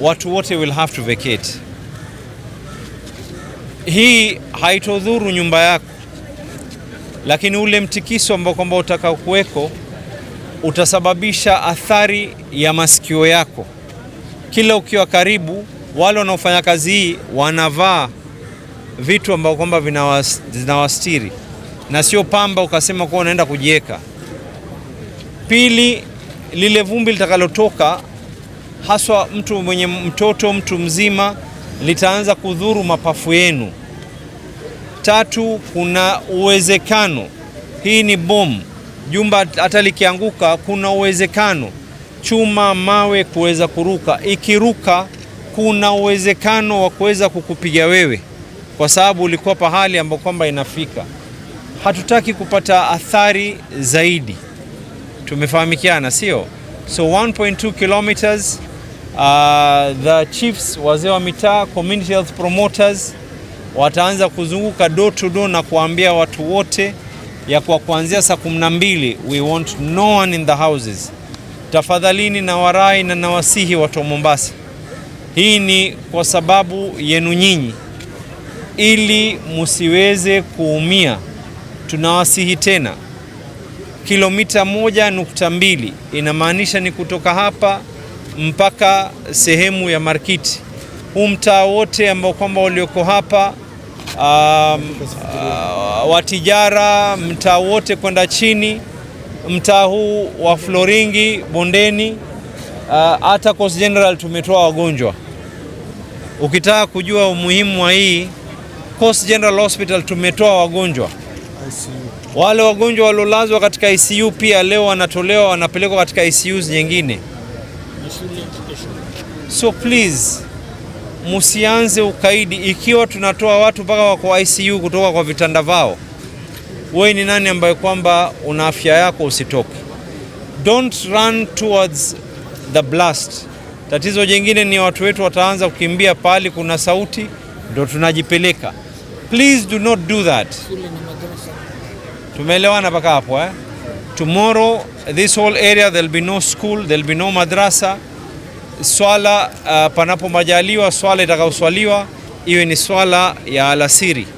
watu wote will have to vacate. Hii haitodhuru nyumba yako, lakini ule mtikiso ambao kwamba kuweko utasababisha athari ya masikio yako kila ukiwa karibu. Wale wanaofanya kazi hii wanavaa vitu ambao kwamba vinawastiri na sio pamba ukasema kuwa unaenda kujieka. Pili, lile vumbi litakalotoka haswa mtu mwenye mtoto, mtu mzima, litaanza kudhuru mapafu yenu. Tatu, kuna uwezekano, hii ni bomu, jumba hata likianguka, kuna uwezekano chuma, mawe kuweza kuruka. Ikiruka kuna uwezekano wa kuweza kukupiga wewe, kwa sababu ulikuwa pahali ambapo kwamba inafika. Hatutaki kupata athari zaidi, tumefahamikiana, sio? So 1.2 kilometers uh, the chiefs, wazee wa mitaa, community health promoters wataanza kuzunguka door to door na kuambia watu wote ya kwa kuanzia saa kumi na mbili we want no one in the houses. Tafadhalini na warai na nawasihi watu wa Mombasa, hii ni kwa sababu yenu nyinyi, ili musiweze kuumia. Tunawasihi tena, kilomita moja nukta mbili inamaanisha ni kutoka hapa mpaka sehemu ya markiti. Huu mtaa wote ambao kwamba walioko hapa um, uh, watijara, mtaa wote kwenda chini, mtaa huu wa Floringi Bondeni, uh, hata uh, Coast General tumetoa wagonjwa. Ukitaka kujua umuhimu wa hii Coast General Hospital, tumetoa wagonjwa wale wagonjwa waliolazwa katika ICU pia leo wanatolewa wanapelekwa katika ICU nyingine. So please musianze ukaidi. Ikiwa tunatoa watu mpaka wako ICU kutoka kwa vitanda vao, wewe ni nani ambaye kwamba una afya yako usitoke? Don't run towards the blast. Tatizo jingine ni watu wetu wataanza kukimbia pahali kuna sauti, ndo tunajipeleka. Please do not do that. Tumeelewana mpaka hapo eh? Tomorrow, this whole area there'll be no school, there'll be no madrasa. Swala uh, panapo majaliwa, swala itakauswaliwa iwe ni swala ya alasiri.